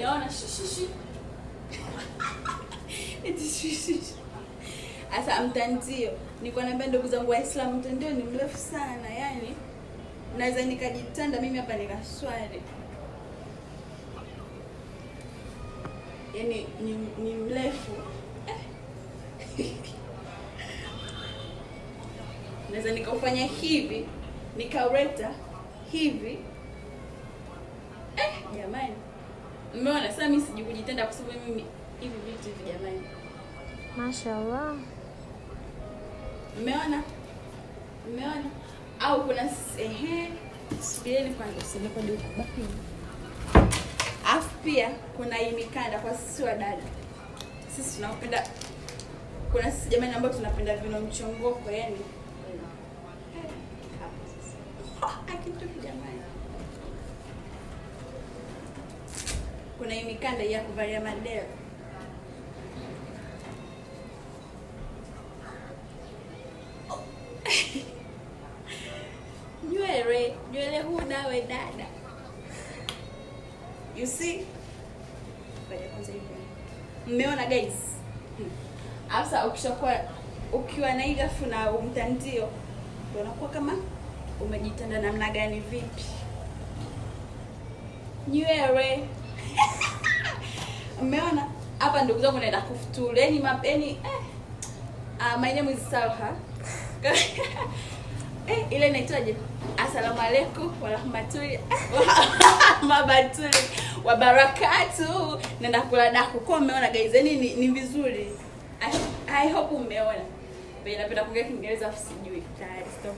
Naona shishishi. Eti shishishi. Asa mtandio. Niko naambia ndugu zangu Waislamu mtandio ni mrefu sana yani. Naweza nikajitanda mimi hapa nikaswali. yani ni, ni mrefu. Naweza nikaufanya hivi, nikaureta hivi. Eh, jamani. Mmeona sasa, mimi siji kujitenda kwa sababu mimi hivi vitu hivi jamani. Mashaallah. Mmeona? Mmeona? Au kuna ehe, subirieni kwanza usinipo ndio kubaki. Alafu pia kuna hii mikanda kwa sisi wa dada. Sisi tunapenda kuna sisi jamani ambao tunapenda vino mchongoko yani. Ah, Akitu kuna hii mikanda ya kuvalia madera nywele nywele huu nawe dada, you see, mmeona guys hmm. ukishakuwa ukiwa na igafu na umtandio unakuwa kama umejitanda namna gani? Vipi nywele Mmeona hapa, ndugu zangu, naenda kufutuleni mapeni eh. Uh, my name is Salha eh, ile inaitwaje? Asalamu alaikum warahmatullahi mabatuli wabarakatu. Naenda kula daku kwa, umeona guys, yani ni, ni vizuri. I, I hope Bila Napenda kuongea Kiingereza afu sijui. Tayari stop.